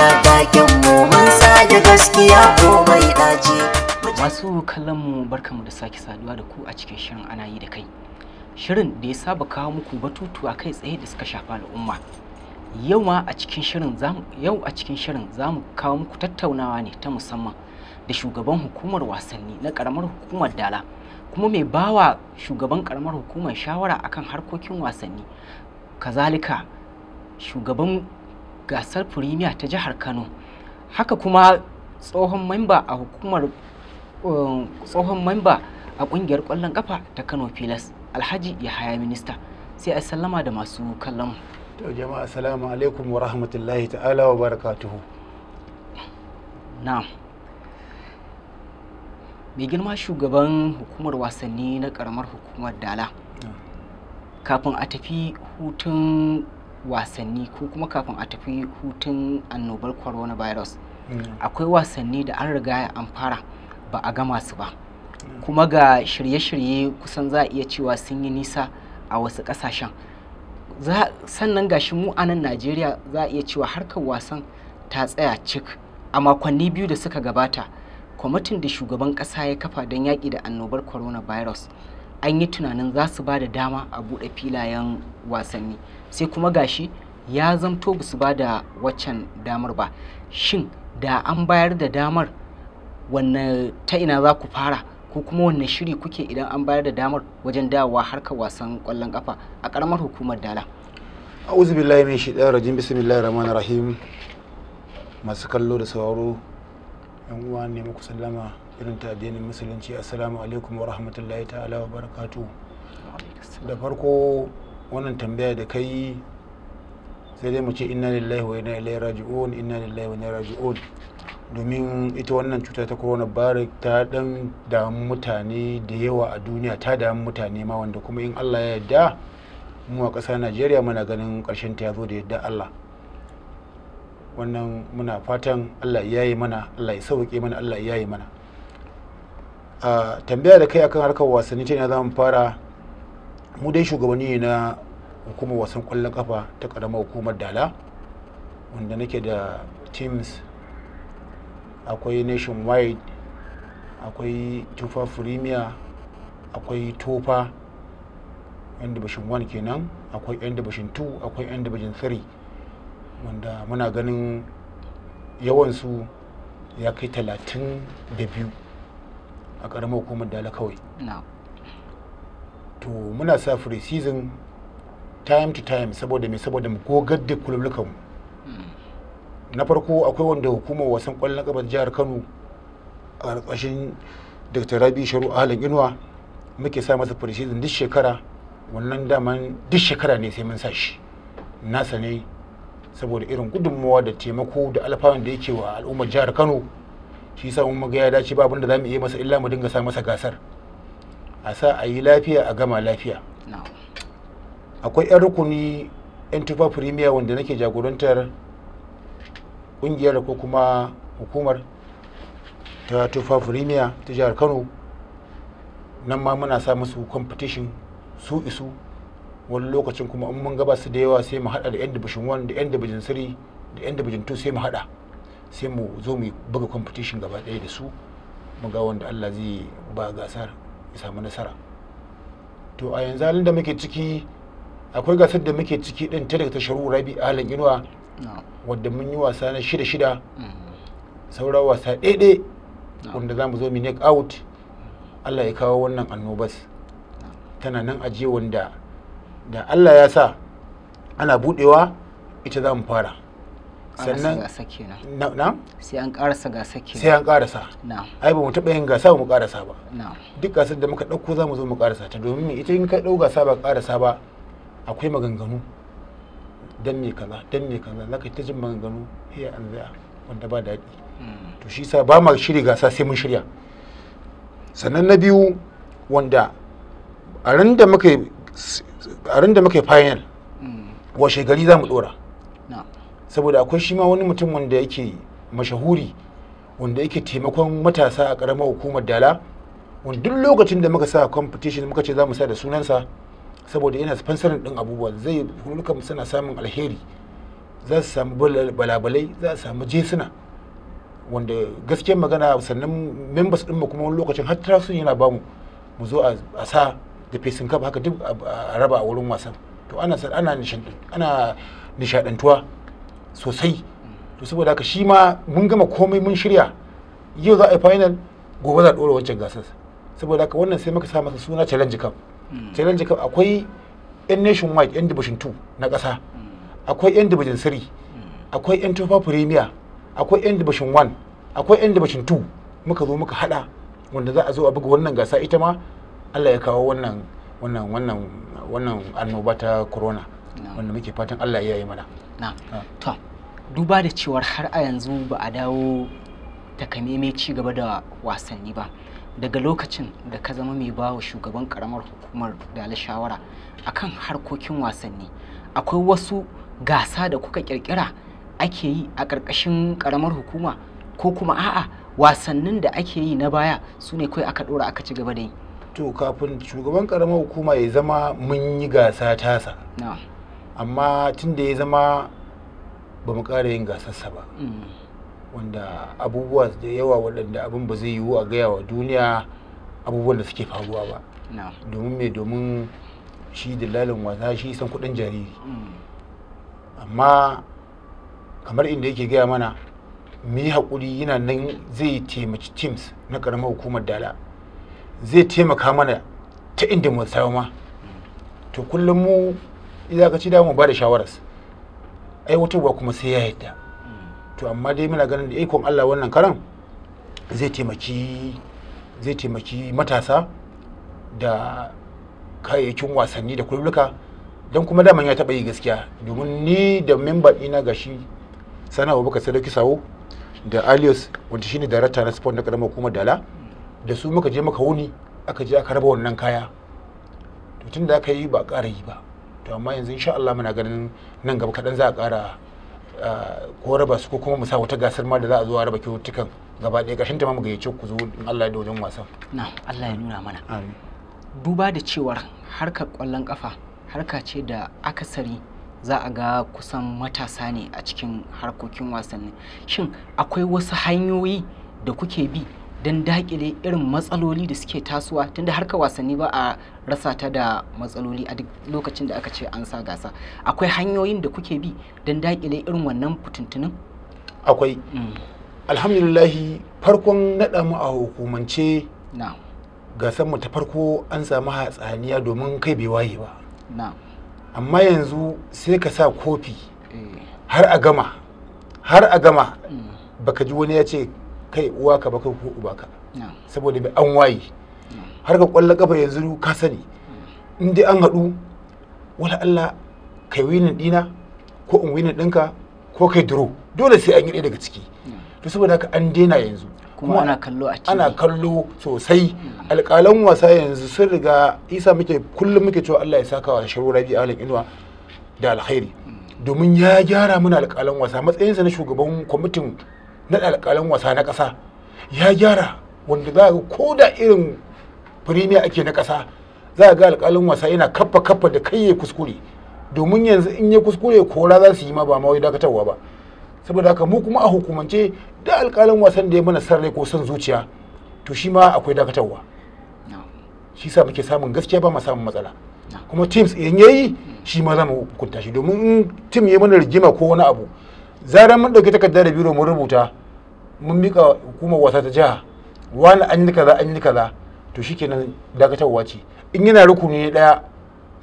gaskiya bakin mu mun masu kallon mu barkamu da sake saduwa da ku a cikin shirin ana yi da kai shirin da ya saba kawo muku batutu a kai tsaye da suka shafa al'umma yau ma a cikin shirin zamu yau a cikin shirin zamu kawo muku tattaunawa ne ta musamman da shugaban hukumar wasanni na karamar hukumar dala kuma mai bawa shugaban karamar hukumar shawara akan harkokin wasanni kazalika shugaban gasar firimiya ta jihar kano haka kuma tsohon memba a hukumar um, tsohon memba a kungiyar kwallon kafa ta kano filas alhaji yahaya minista sai a sallama da masu kallon to jama'a assalamu alaikum wa rahmatullahi ta'ala wa barakatuhu na'am mai girma shugaban hukumar wasanni na karamar hukumar dala kafin a tafi hutun wasanni ko kuma kafin a tafi hutun annobar corona virus mm. akwai wasanni da an riga an fara ba a gama su ba mm. kuma ga shirye-shirye kusan za a iya cewa sun yi nisa a wasu kasashen sannan gashi mu a nan najeriya za a iya cewa harkar wasan ta tsaya cik a makonni biyu da suka gabata kwamitin da shugaban ƙasa ya kafa don yaƙi da annobar corona coronavirus an yi tunanin za su ba da dama a buɗe filayen wasanni sai kuma gashi ya zamto ba su ba da waccan damar ba shin da an bayar da damar wannan ta ina za ku fara ko kuma wannan shiri kuke idan an bayar da damar wajen dawowa harkar wasan kwallon kafa a karamar hukumar dala a'udhu billahi min shaitanir rajim bismillahir rahmanir rahim masu kallo da sauraro yan uwa ne muku sallama irin ta addinin musulunci assalamu alaikum wa rahmatullahi ta'ala wa barakatu da farko wannan tambaya da kai sai dai mu ce inna lillahi wa inna ilaihi raji'un inna lillahi wa inna raji'un domin ita wannan cuta ta corona barik ta dan damu mutane da yawa a duniya ta damu mutane ma wanda kuma in Allah ya yarda mu a ƙasar Najeriya muna ganin ƙarshen ta yazo da yarda Allah wannan muna fatan Allah ya yi mana Allah ya sauke mana Allah ya yi mana a tambaya da kai akan harkar wasanni ta ina za mu fara mu dai shugabanni ne na hukumar wasan kwallon kafa ta karamar hukumar dala wanda nake da teams akwai nationwide akwai tufa premier akwai tofa yan dibashin 1 kenan akwai yan dibashin 2 akwai yan dibashin 3 wanda muna ganin yawansu ya kai 32 a ƙaramar hukumar dala kawai to muna sa free season time to time saboda mai saboda mu gogar da mu hmm. na farko akwai wanda hukumar wasan kwallon ƙabar jihar kano a ƙarƙashin dr rabi sharu halin inuwa muke sa masa free season duk shekara wannan daman duk shekara ne sai mun sa shi nasa ne saboda irin gudunmawa da taimako da alfahun da yake wa al'ummar jihar kano shi sa mun ga ya dace ba abinda zamu iya masa illa mu dinga sa masa gasar a sa a yi lafiya a gama lafiya akwai yan rukuni yan tufa premier wanda nake jagorantar kungiyar ko kuma hukumar ta tufa premier ta jihar kano nan ma muna sa musu competition su isu wani lokacin kuma in mun gaba su da yawa sai mu hada da yan dibishin 1 da yan dibishin 3 da yan dibishin 2 sai mu hada sai mu zo mu buga competition gaba ɗaya da su mu ga wanda Allah zai ba gasar ya samu nasara to a yanzu halin da muke ciki akwai gasar da muke ciki din ta daga tasharu rabi alan inuwa wadda mun yi wasa na shida shida mm-hmm. saura wasa ɗaiɗe wanda za mu zo mu neck out Allah ya kawo wannan annobas tana nan ajiye wanda da Allah ya sa ana budewa ita zamu fara sannan na sai an karasa gasa kenan sai an karasa na ai ba mu taɓa yin gasa ba mu karasa ba duk gasar da muka ɗauko za mu zo mu karasa ta domin ita in ka ɗau gasa ba karasa ba akwai maganganu dan me kaza dan me kaza zaka ta jin maganganu hiya an zaya wanda ba daɗi hmm. to shi sa ba ma shirya gasa sai mun shirya sannan na biyu wanda a ran da muka a ran da muka final hmm. washe gari za mu dora saboda akwai shi ma wani mutum wanda yake mashahuri wanda yake taimakon matasa a ƙaramar hukumar dala wanda duk lokacin da muka sa competition muka ce za mu sa da sunansa saboda yana sponsor din abubuwa zai hulukan suna samun alheri za su samu balabalai za su samu jesuna wanda gaskiyar magana sannan members ɗinmu kuma wani lokacin har trasun yana bamu mu zo a sa da fesin kafa haka duk a raba a wurin wasan to ana ana nishadantuwa sosai to saboda haka shi ma mun gama komai mun shirya yau za a yi final gobe za a ɗora wancan gasar saboda haka wannan sai muka sa masa suna challenge cup hmm. challenge cup akwai yan nation wide yan division 2 na ƙasa hmm. akwai yan division 3 hmm. akwai yan tofa premier akwai yan division 1 akwai yan division 2 muka zo muka hada wanda za a zo a buga wannan gasa ita ma Allah ya kawo wannan wannan wannan wannan annoba ta corona wanda muke fatan Allah ya yi mana na ah. to duba da cewar har a yanzu ba a dawo takamaimai ci gaba da wasanni ba daga lokacin da ka zama mai bawa shugaban karamar hukumar da shawara akan harkokin wasanni akwai wasu gasa da kuka kirkira ake yi a ƙarƙashin karamar hukuma ko kuma a'a wasannin da ake yi na baya su ne kawai aka ɗora aka ci gaba da yi to kafin shugaban karamar hukuma ya zama mun yi gasa tasa amma tun da ya zama ba mu ƙara yin gasarsa ba mm. wanda abubuwa da yawa waɗanda abin ba zai yiwu a gaya wa duniya abubuwan da suke faruwa ba domin me domin shi dalalin wasa shi san kuɗin jariri mm. amma kamar inda yake gaya mana mu yi haƙuri yana nan zai taimaki teams na ƙaramar hukumar dala zai taimaka mana ta inda mu ma mm. to kullum mu ci da mu ba da shawararsa aiwatarwa kuma sai ya yadda to amma dai muna ganin da ikon Allah wannan karan zai taimaki zai taimaki matasa da kayayyakin wasanni da kulluka don kuma daman ya taɓa yi gaskiya domin ni da memba ina gashi shi sana abubakar sadauki sawo da alias wanda shine darakta na sport na karamar kuma dala da su muka je muka wuni aka je aka raba wannan kaya to tun da aka yi ba ƙara yi ba to amma yanzu insha Allah muna ganin nan gaba kaɗan za a ƙara ah, ko raba su ko kuma mu sa wata gasar ma da za a zo a raba kyautukan gaba ɗaya ƙarshen ta ma mu gayyace ku zo in Allah ya wajen wasan na Allah ya nuna mana duba da cewar harkar kwallon kafa harka ce da akasari za a ga kusan matasa ne a cikin harkokin wasanni shin akwai wasu hanyoyi da kuke bi don daƙile irin matsaloli da suke tasowa tunda harka wasanni ba a rasa ta da matsaloli a duk lokacin da aka ce an sa gasa akwai hanyoyin da kuke bi don dakile irin wannan fitintunin akwai mm. alhamdulillahi farkon naɗa mu a hukumance gasar mu ta farko an samu hatsaniya domin kai bai waye ba amma yanzu sai ka sa kofi eh. har a gama har a gama mm. baka ji wani ya ce kai uwa ka ba kai ko uba ka saboda mai an waye har ka kwallon kafa yanzu ka sani in dai an haɗu wala Allah kai winin dina ko in winin dinka ko kai duro dole sai an yi ɗaya daga ciki to saboda haka an daina yanzu kuma ana kallo a ciki ana kallo sosai alƙalan wasa yanzu sun riga isa muke kullum muke cewa Allah ya saka wa sharu rabi alin inuwa da alkhairi domin ya gyara mana alƙalan wasa matsayinsa na shugaban kwamitin na alƙalan wasa na ƙasa ya gyara wanda za ga ko da irin firimiya ake na ƙasa za a ga alƙalin wasa yana kaffa kaffa da kai ya kuskure domin yanzu in ya kuskure kora za su yi ma ba ma wai dakatarwa ba saboda haka mu kuma a hukumance da alƙalin wasan da ya mana san rai ko son zuciya to shi ma akwai dakatarwa shi sa muke samun gaskiya ba mu samun matsala kuma teams in yayi shi ma za mu hukunta shi domin in team ya mana rigima ko wani abu zaran mun ɗauki takardar da biro mun rubuta mun mika hukumar wata ta jiha wani an yi kaza an yi kaza to shikenan dakatarwa ce in yana rukuni ne daya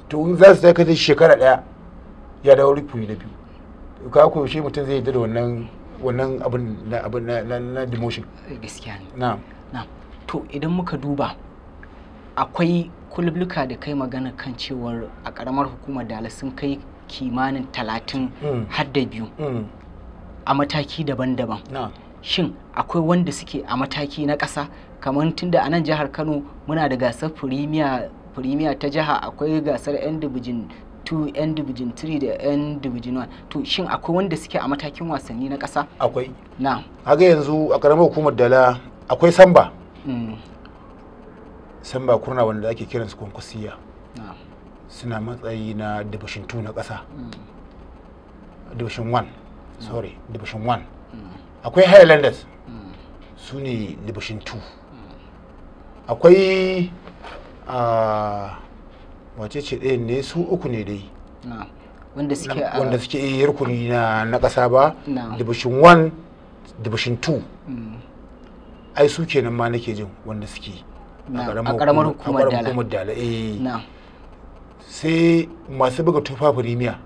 to in za su dakatar shekara daya ya dawo rukuni na biyu ka ku shi mutum zai yadda da wannan wannan abin na abin na na demotion gaskiya ne na'am na to idan muka duba akwai kulubluka da kai magana kan cewar a karamar hukumar dala sun kai kimanin talatin mm. har da biyu mm. a mataki daban-daban shin akwai wanda suke a mataki na ƙasa kamar tunda a nan jihar kano muna da gasar firimiya ta jiha akwai gasar 'yan dubijin 2 'yan dubijin 3 da 'yan dubijin 1 to shin akwai wanda suke a matakin wasanni na ƙasa akwai na haka yanzu a ƙaramar hukumar dala akwai samba mm. samba kurna wanda ake kiransu kwankwasiya suna matsayi na dubishin 2 na ƙasa mm. dubishin 1 sorry dubishin 1 akwai highlanders hmm. su ne libashin 2 akwai a ah, wace ce ɗaya ne su uku ne dai wanda suke yi eh, rukuni na ƙasa ba libashin 1 libashin 2 ai su kenan ma nake jin wanda suke a ƙaramar hukumar dala eh. sai masu buga tufa firimiya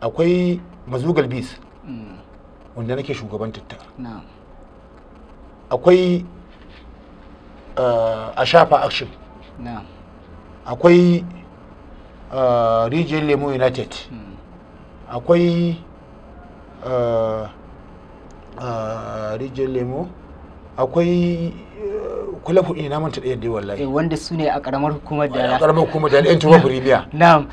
akwai mazugal beast wanda nake shugaban tattara akwai eh, a shafa action akwai eh, region lemo united hmm. akwai eh, region lemo akwai kulafu na manta ɗaya dai wallahi eh wanda su ne a karamar hukumar da a karamar hukumar da yan tuba buribiya na'am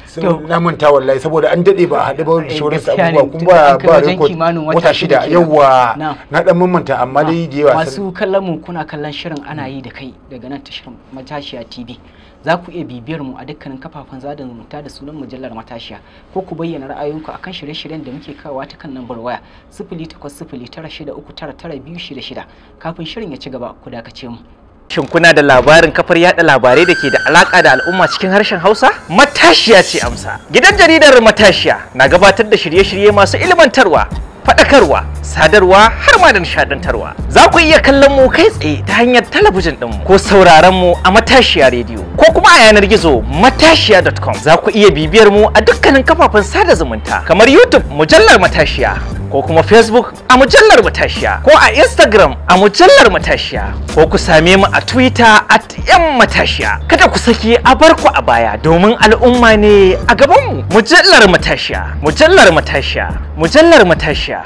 na manta wallahi saboda an dade ba haɗe ba da eh, shawarar abubuwa kun ba ba record wata shida yawa na dan mamanta amma dai da yawa masu kallon mu kuna kallon shirin ana yi da kai daga nan tashar matashiya tv za ku iya bibiyar mu a dukkanin kafafen zadan zumunta da sunan mujallar matashiya ko ku bayyana ra'ayoyinku akan shirye-shiryen da muke kawowa ta kan lambar waya shida kafin shirin ya ci gaba ku dakace mu Shin kuna da labarin kafar yada labarai da ke da alaka da al'umma cikin harshen Hausa? Matashiya ce amsa. Gidan jaridar Matashiya na gabatar da shirye-shirye masu ilmantarwa faɗakarwa sadarwa har ma da nishadantarwa za ku iya kallon mu kai tsaye ta hanyar talabijin ɗinmu ko sauraron mu a matashiya rediyo ko kuma a yanar gizo matashiya.com za ku iya bibiyar mu a dukkanin kafafen sada zumunta kamar youtube mujallar matashiya ko kuma facebook a mujallar matashiya ko a instagram a mujallar matashiya ko ku same mu a twitter at yan matashiya kada ku saki a barku a baya domin al'umma ne a gabanmu mujallar matashiya mujallar matashiya Mujallar matashiya.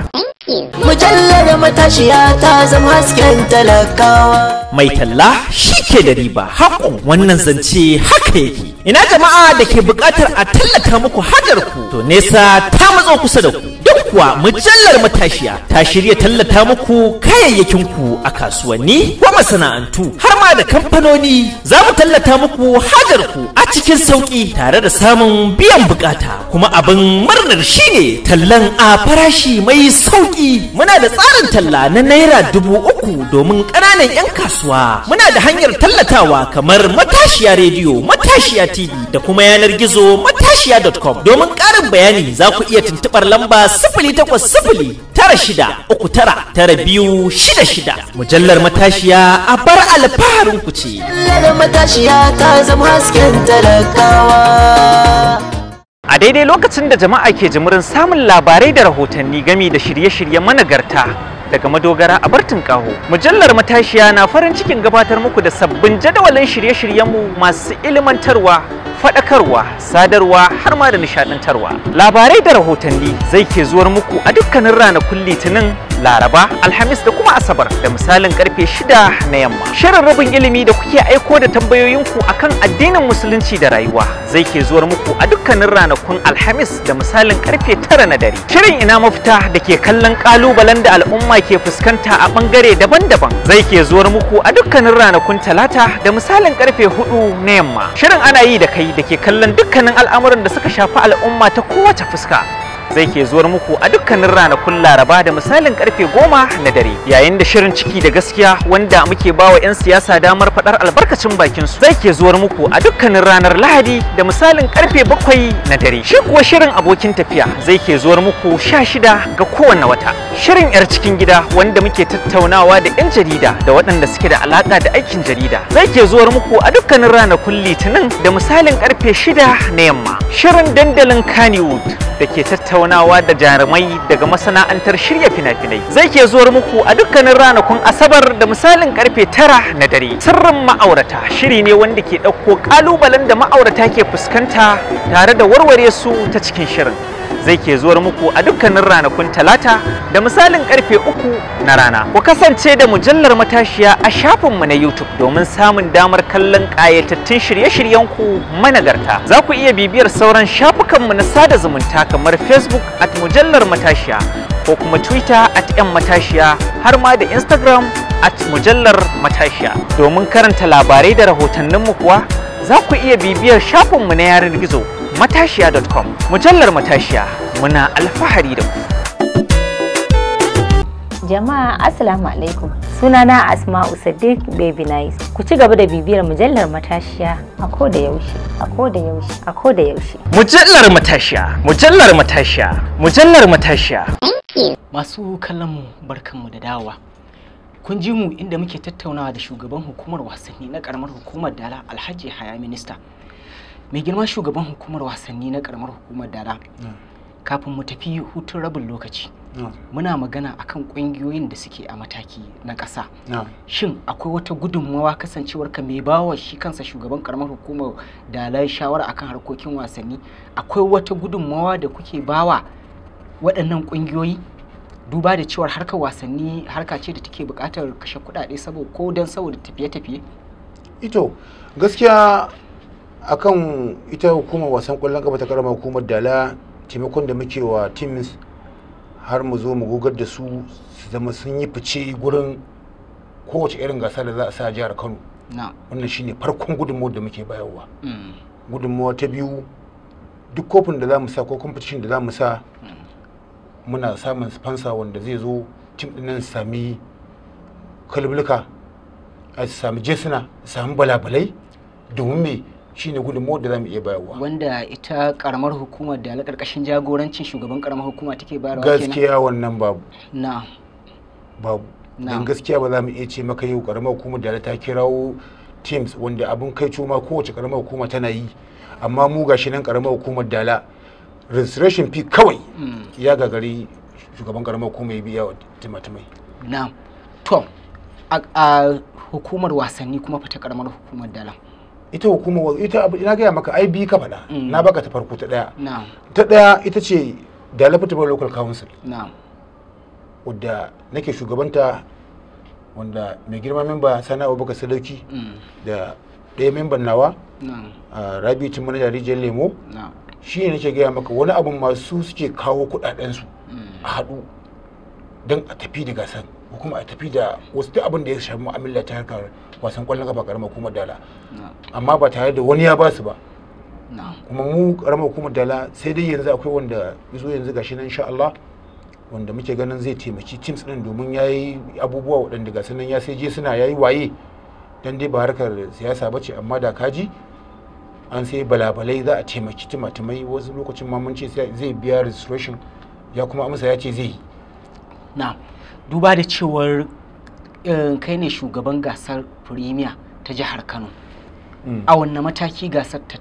Mujallar matashiya ta zama hasken talakawa. Mai talla shi ke da riba haƙo wannan zance haka yake. Ina jama'a da ke buƙatar a tallata muku hajar ku to nesa ta matso kusa da ku. Duk kuwa mujallar matashiya ta shirya tallata muku kayayyakin ku a kasuwanni ko masana'antu har da kamfanoni za mu tallata muku hajar ku a cikin sauƙi tare da samun biyan bukata kuma abin murnar shine tallan a farashi mai sauƙi muna da tsarin talla na naira dubu uku domin ƙananan 'yan kasuwa muna da hanyar tallatawa kamar matashiya rediyo matashiya tv da kuma yanar gizo matashiya.com domin ƙarin bayani za ku iya tuntuɓar lamba sifili takwas sifili tara shida uku tara tara biyu shida shida mujallar matashiya a bar alfaharin ku ce. matashiya A daidai lokacin da jama'a ke jimurin samun labarai da rahotanni gami da shirye shiryen managarta daga madogara a Bartin Kaho. Mujallar Matashiya na farin cikin gabatar muku da sabbin jadawalin shirye-shiryenmu masu ilimantarwa. faɗakarwa sadarwa har ma da nishaɗantarwa labarai da rahotanni zai ke zuwar muku a dukkanin ranakun litinin laraba alhamis da kuma asabar da misalin karfe shida na yamma shirin rabin ilimi da kuke aiko da tambayoyinku kan addinin musulunci da rayuwa zai ke zuwar muku a dukkanin ranakun alhamis da misalin karfe tara na dare shirin ina mafita da ke kallon kalubalen da al'umma ke fuskanta a bangare daban-daban zai ke zuwar muku a dukkanin ranakun talata da misalin karfe hudu na yamma shirin ana yi da kai da ke kallon dukkanin al'amuran da suka shafi al'umma ta kowace fuska zai ke zuwar muku a dukkanin ranakun laraba da misalin karfe goma na dare yayin da shirin ciki da gaskiya wanda muke bawa 'yan siyasa damar faɗar albarkacin bakin su zai ke zuwar muku a dukkanin ranar lahadi da misalin karfe bakwai na dare shi kuwa shirin abokin tafiya zai ke zuwar muku sha shida ga kowane wata shirin 'yar cikin gida wanda muke tattaunawa da 'yan jarida da waɗanda suke da alaƙa da aikin jarida zai ke zuwar muku a dukkanin ranakun litinin da misalin karfe shida na yamma shirin dandalin kannywood da ke tattaunawa tattaunawa da jarumai daga masana'antar shirya fina-finai zai ke zuwar muku a dukkanin ranakun asabar da misalin karfe tara na dare sirrin ma'aurata shiri ne wanda ke ɗauko ƙalubalen da ma'aurata ke fuskanta tare da warware su ta cikin shirin zai ke zuwar muku a dukkanin ranakun talata da misalin karfe uku na rana. Ku kasance da mujallar matashiya a shafinmu na YouTube domin samun damar kallon ƙayatattun shirye-shiryenku managarta. Za ku iya bibiyar sauran shafukanmu na sada zumunta kamar Facebook at mujallar matashiya ko kuma Twitter at 'yan matashiya har ma da Instagram at mujallar matashiya. Domin karanta labarai da rahotanninmu kuwa za ku iya bibiyar shafinmu na yanar gizo matashiya.com mujallar matashiya muna alfahari da ku jama'a assalamu alaikum sunana asma'u sadiq baby nice ku ci gaba da bibiyar mujallar matashiya a ko da yaushe a ko da yaushe a ko da yaushe mujallar matashiya mujallar matashiya mujallar matashiya masu kallon mu barkanmu da dawa, kun ji mu inda muke tattaunawa da shugaban hukumar wasanni na karamar hukumar dala alhaji haya minista mai girma shugaban hukumar wasanni na karamar hukumar dara hmm. kafin mu tafi hutun rabin lokaci hmm. muna magana akan kungiyoyin da suke a mataki na ƙasa hmm. shin akwai wata gudunmawa kasancewar ka mai bawa shi kansa shugaban karamar hukumar dala shawara akan harkokin wasanni akwai wata gudunmawa da kuke bawa waɗannan kungiyoyi duba da cewar harkar wasanni harka ce da take buƙatar kashe kuɗaɗe saboda ko don saboda tafiye-tafiye ito gaskiya akan ita hukumar wasan kwallon kafa ta karamar hukumar dala taimakon da muke wa teams har mu zo mu gogar da su su zama sun yi fice gurin kowace irin gasa da za a sa jihar kano wannan shine farkon gudunmawar da muke bayarwa mm. gudunmawa ta biyu duk kofin da za mu sa ko competition da za mu sa mm. muna samun sponsor wanda zai zo tim din nan sami kalbulka a sami jesuna sami balabalai domin me shine gudunmawar da zamu iya bayarwa wanda ita karamar hukumar da karkashin jagorancin shugaban karamar hukuma take bayarwa kenan gaskiya wannan babu na babu dan gaskiya ba za mu iya ce maka yau karamar hukumar da ta kirawo teams wanda abin kai cuma kowace karamar hukuma tana yi amma mu gashi nan karamar hukumar dala registration fee kawai hmm. ya gagari shugaban karamar hukuma ya biya wa timatimai na to a hukumar wasanni kuma fita karamar hukumar dala ita hukuma ita na gaya maka ai bi ka faɗa mm. na baka ta farko ta ɗaya ta ɗaya ita ce da lafatable local council wadda nake shugabanta wanda mai girma memba sana abubakar sadauki mm. da ɗaya memban nawa rabi cin mana rijiyar lemo shi ne nake gaya maka wani abu masu suke kawo kuɗaɗensu mm. a haɗu don a tafi da gasan ko kuma a tafi da wasu duk abin da ya shafi mu'amala ta harkar wasan kwallon kafa karamar hukumar dala amma ba tare da wani ya ba su ba kuma mu karamar hukumar dala sai dai yanzu akwai wanda zo yanzu gashi nan insha Allah wanda muke ganin zai taimaki teams din domin ya yi abubuwa waɗanda ga sanan ya sai je suna yayi waye dan dai ba harkar siyasa ba ce amma da kaji an sai balabalai za a taimaki timatimai wasu lokacin ma mun ce zai biya registration ya kuma amsa ya ce zai yi na duba da cewar Eh, kai ne shugaban gasar premier ta jihar kano mm. a wanne mataki gasar ta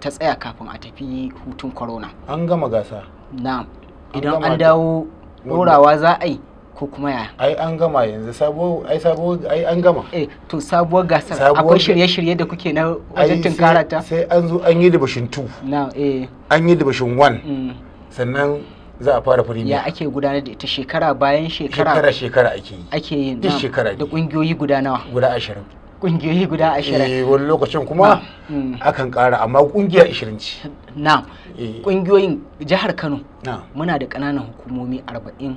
tsaya kafin a tafi hutun corona an gama gasa na idan an dawo ɗorawa za a yi ko kuma ya ai an gama yanzu sabo ai sabo ai an gama eh to sabuwar gasar akwai shirye-shirye da kuke na wajen tunkara ta sai an zo an yi dibashin 2 na eh an yi dibashin 1 mm. sannan za a fara firimiya ya ake gudanar da ita shekara bayan shekara shekara shekara ake yi ake yi duk shekara da kungiyoyi guda nawa guda ashirin kungiyoyi guda eh, ashirin eh wani lokacin kuma mm. akan kara amma kungiya ashirin ce na kungiyoyin eh. jihar kano muna da ƙananan hukumomi arba'in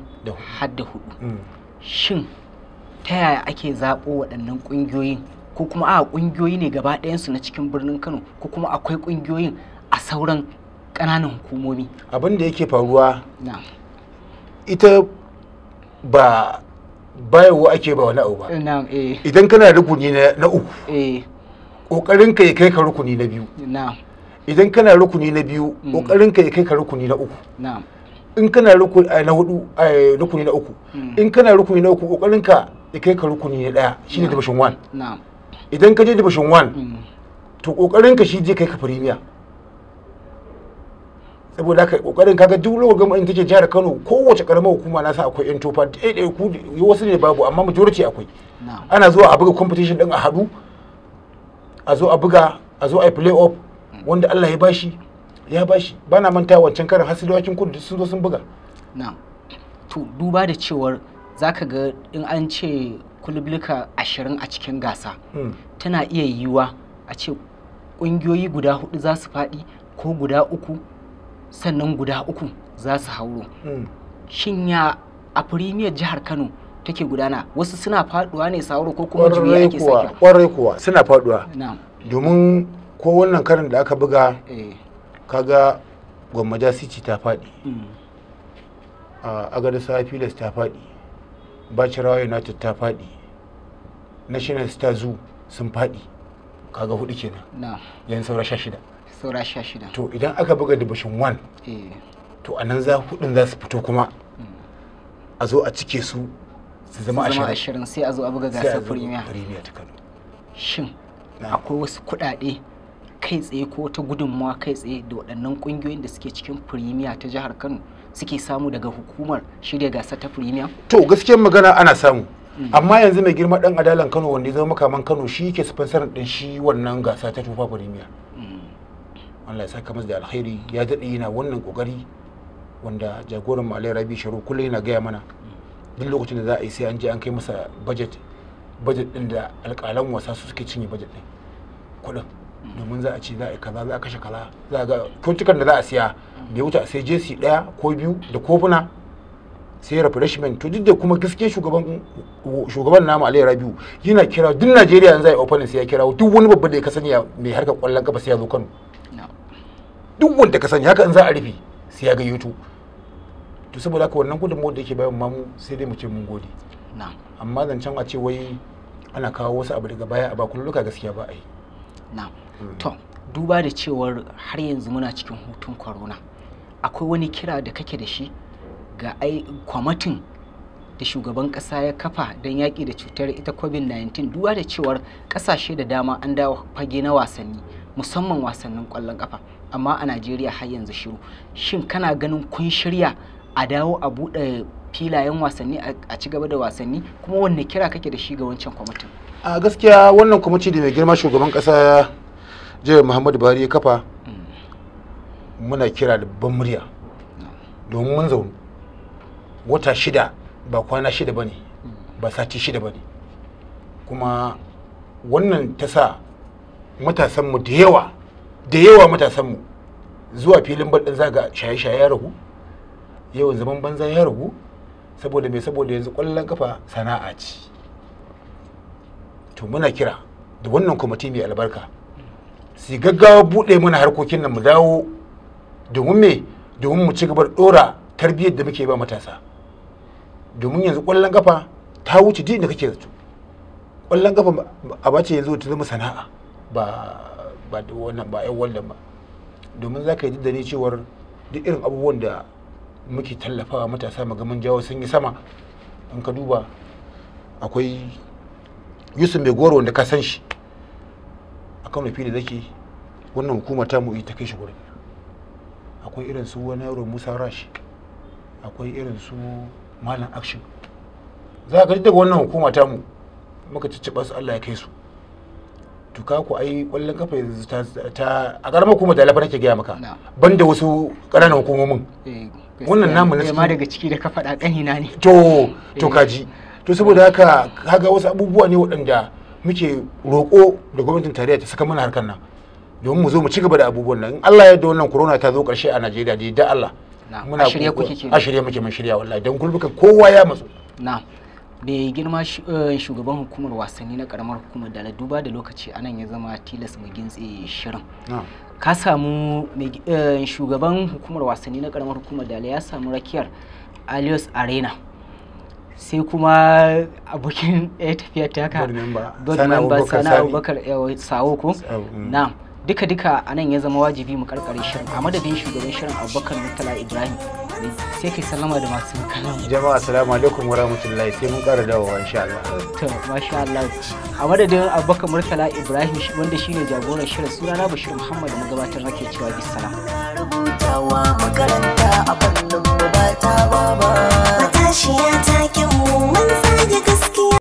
har da hudu mm. shin ta yaya ake zaɓo waɗannan kungiyoyin ko kuma a kungiyoyi ne gaba ɗayansu na cikin birnin kano ko kuma akwai kungiyoyin a sauran kananan hukumomi abin da yake faruwa ita ba bayarwa ake ba wani abu ba eh, eh. idan kana rukuni na uku eh. ƙoƙarin ka ya kai ka rukuni na biyu idan kana rukuni na biyu mm. ƙoƙarin ka ya kai ka rukuni na uku in kana rukuni na hudu rukuni na uku mm. in kana rukuni na uku ƙoƙarin ka ya kai ka rukuni na daya shine division 1 idan ka je division 1 mm. to ƙoƙarin ka shi je kai ka premier saboda haka kokarin kaga duk lokacin da take jihar Kano kowace karamar hukuma na sa akwai yan tofa ɗaya ku wasu ne babu amma majority akwai ana zuwa a buga competition din a hadu a zo a buga a zo a play off mm. wanda Allah ya bashi ya bashi bana manta wancan karin hasidawakin kudu sun zo sun buga na'am to duba da cewar zaka ga in an ce kulublika ashirin a cikin gasa hmm. tana iya yiwa a ce ƙungiyoyi guda hudu za su faɗi ko guda uku sannan guda uku za su hauro hmm. shin ya a firimiyar jihar kano take gudana wasu suna faduwa ne sauro ko kuma juya ake sakiya kwarai kuwa suna faduwa domin ko wannan karin da aka buga eh. kaga gwammaja sici ta faɗi hmm. sa filas ta faɗi bacirawa united ta faɗi national star zoo sun faɗi kaga hudu kenan yan saura sha shida saura sha shida to idan aka buga division 1 eh. to a nan za hudun za su fito kuma hmm. a zo a cike su su zama ashirin sai a zo a buga gasar premier shin akwai wasu kudade kai tsaye ko ta gudunmawa kai tsaye da waɗannan ƙungiyoyin da suke cikin firimiya ta jihar kano suke samu daga hukumar shirya gasar ta firimiya? to gaskiyar magana ana samu hmm. amma yanzu mai girma ɗan adalan kano wanda ya zama makaman kano shi ke sponsor ɗin shi wannan gasa ta tufa firimiya Allah ya saka masa da alkhairi ya daɗe yana wannan kokari wanda jagoran mu Alai Rabi Sharu kullum yana gaya mana duk lokacin da za a yi sai an je an kai masa budget budget din da alƙalan wasa su suke cinye budget din kuɗin domin za a ce za a yi kaza za a kashe kala za a ga kyautukan da za a siya bai wuce sai jesi ɗaya ko biyu da kofuna sai refreshment to duk da kuma gaske shugaban shugaban namu Aliyu Rabiu yana kira duk Najeriya yanzu ai opening sai ya kira duk wani babba da ya kasani mai harkar kwallon kafa sai ya zo Kano duk wanda ka sani haka in za a rufe sai ya ga yoto to saboda haka wannan gudun da yake bayan mamu sai dai mu ce mun gode amma zancen a ce wai ana kawo wasu abu daga baya a ba kulluka gaskiya ba ai na mm. to duba da cewar har yanzu muna cikin hutun corona akwai wani kira da kake da shi ga ai kwamatin da shugaban kasa ya kafa don yaƙi da cutar ita covid-19 duba da cewar ƙasashe da dama an dawo fage na wasanni musamman wasannin ƙwallon ƙafa amma a najeriya har yanzu shiru shin kana ganin kun shirya a dawo a buɗe filayen wasanni a ci gaba da wasanni kuma wanne kira kake da shi ga wancan kwamitin a gaskiya wannan kwamiti da mai girma shugaban kasa jihar muhammadu buhari ya kafa hmm. muna kira da ban murya domin mun zaune wata shida ba kwana shida ba hmm. ba sati shida ba kuma wannan ta sa matasanmu da yawa da yawa matasanmu zuwa filin baɗin zaga shaye-shaye ya ragu yawan zaman banza ya ragu saboda mai saboda yanzu ƙwallon kafa sana'a ce to muna kira da wannan kwamiti mai albarka su gaggawa buɗe mana harkokin nan mu dawo domin me domin mu ci gaba ɗora tarbiyyar da muke ba matasa domin yanzu ƙwallon kafa ta wuce duk da kake zato ƙwallon kafa a bace yanzu ta zama sana'a ba ba wannan ba yan ba domin za ka yi da ne cewar duk irin abubuwan da muke tallafawa matasa mu ga jawo sun yi sama in ka duba akwai yusuf mai goro wanda ka san shi kan rufi da zake wannan hukumar ta mu ta kai shi gurin akwai irin su wani yaro musa rash akwai irin su malam action za ka daga wannan hukuma ta mu muka cicciɓa su allah ya kai su tuka ku ai kwallon kafa yanzu ta a karamar kuma da nake gaya maka banda wasu ƙananan hukumomin eh, wannan namu na eh, ma daga ciki da ka faɗa ƙanina ne to eh. to kaji to saboda haka kaga wasu abubuwa ne waɗanda muke roƙo da gwamnatin tarayya ta saka mana harkar nan domin mu zo mu ci gaba da abubuwan nan in Allah ya yarda wannan corona ta zo ƙarshe a Najeriya da Allah muna a shirye muke mun shirya wallahi don kulbukan kowa ya matsu na'am mai girma eh, shugaban hukumar wasanni na karamar hukumar da duba da lokaci anan ya zama tilas mu gintse shirin ah. ka samu eh, shugaban hukumar wasanni na karamar hukumar da ya samu rakiyar alios arena sai kuma abokin ya eh, tafiya ta haka member sana abubakar sawo ko mm. na duka-duka anan ya zama wajibi mu karkare shirin a madadin shugaban shirin abubakar mutala ibrahim sai ki sallama da masu kallon jama'a assalamu alaikum wa rahmatullahi sai mun ƙara dawowa insha Allah to masha Allah a madadin Abubakar Murtala Ibrahim wanda shine jagoran shirin sunana Bashir Muhammad mu gabatar nake cewa bi rubutawa makaranta a fannin ba ta ba ta